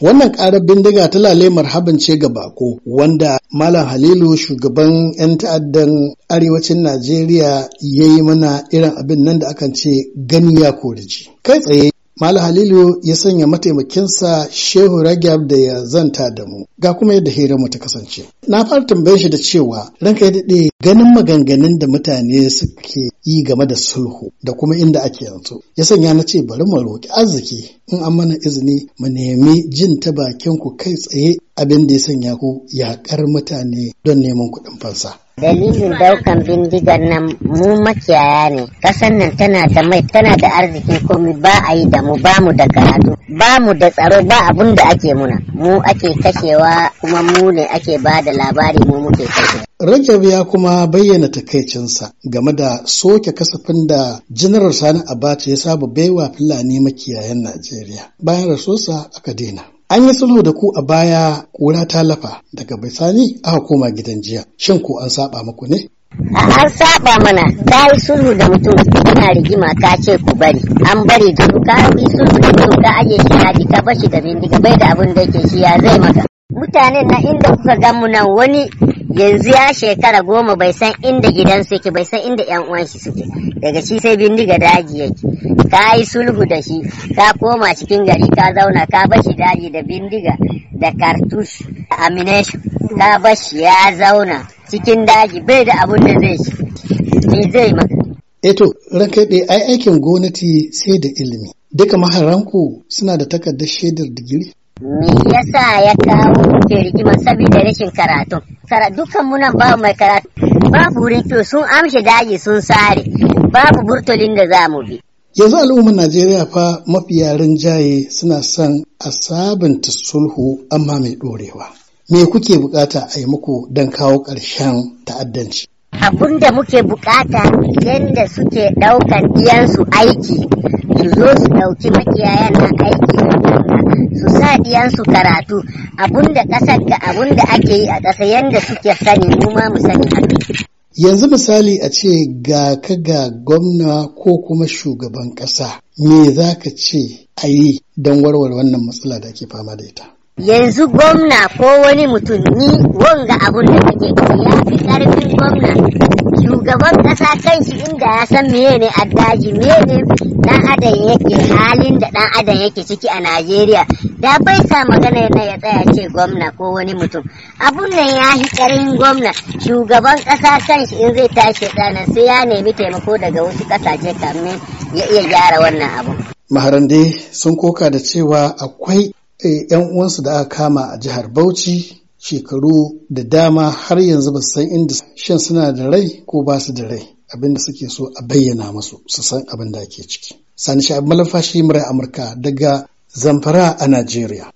Wannan ƙarar bindiga ta lale marhaban ce ga bako wanda Malam Halilu shugaban 'yan ta'addan arewacin Najeriya ya yi mana irin abin nan da akan ce gani ya kori ji. Kai tsaye Malam Halilu ya sanya mataimakinsa Shehu Ragab da ya zanta da mu ga kuma yadda hira mu ta kasance. Na fara tambayar shi da cewa ranka ya daɗe ganin maganganun da mutane suke yi game da sulhu da kuma inda ake yanzu. Ya sanya na ce bari mu roƙi arziki in an mana izini mu nemi jin ta bakin ku kai tsaye abin da ya sanya ku yakar mutane don neman kuɗin fansa. Dalilin daukan bindigar nan mu makiyaya ne, kasan nan tana da mai tana da arziki komi ba a yi da mu ba mu da karatu, ba mu da tsaro ba abun da ake muna, mu ake kashewa kuma mu ne ake ba da labari mu muke kashewa. Rajab ya kuma bayyana takaicinsa game da soke kasafin da Janaral Sani Abacha ya saba baiwa Fulani makiyayan Najeriya. Bayan rasosa aka daina. An yi sulhu da ku a baya ƙura ta lafa daga bisani aka koma gidan jiya. Shin ko an saba muku ne? an saba mana ta yi sulhu da mutum yana rigima ka ce ku bari an bari da ka yi sulhu da mutum ka shi na bashi da bindiga bai da abin da yake shi ya zai maka mutanen na inda kuka gamu nan wani yanzu ya shekara goma bai san inda gidansu yake bai san inda yan uwan shi suke daga shi sai bindiga daji yake ka yi sulhu da shi ka koma cikin gari ka zauna ka bashi daji da bindiga da da amination ka bashi ya zauna cikin daji bai da abun da zai shi me zai maka eto eh ranka dai ai aikin gwamnati sai da ilimi duka maharanku suna da takardar shaidar digiri me yasa ya kawo ke rigima saboda rashin karatu dukan munan babu mai karatu babu wurin to sun amshi daji sun sare babu burtolin da za mu bi yanzu al'ummar najeriya fa mafi yaren rinjaye suna son a sabunta sulhu amma mai ɗorewa. me kuke bukata a yi muku don kawo ƙarshen ta'addanci abun da muke bukata yadda suke ɗaukan su aiki su zo su ɗauki makiyayan aiki su karatu abunda kasar ga abunda ake yi a ƙasa yanda suke sani kuma mu sani haka. Yanzu misali a ce ga ka ga gwamna ko kuma shugaban ƙasa me za ka ce a yi don warware wannan matsala da ake fama da ita? yanzu gwamna ko wani mutum ni wanga abun da kake ya fi karfin gwamna shugaban kasa kanshi inda ya san meye ne a daji meye ne dan adam yake halin da dan adam yake ciki a Najeriya da bai sa magana yana ya tsaya ce gwamna ko wani mutum abun nan ya fi karfin gwamna shugaban kasa kanshi in zai tashi tsanan sai ya nemi taimako daga wasu kasashe kamin ya iya gyara wannan abu maharande sun koka da cewa akwai Eh, 'yan uwansu da aka kama a jihar Bauchi shekaru da dama har yanzu ba san inda shan suna da rai ko ba su da rai abin da suke so a bayyana musu su san abin da ake ciki. Sani Sha'ib Malafashi murai Amurka daga Zamfara a Najeriya.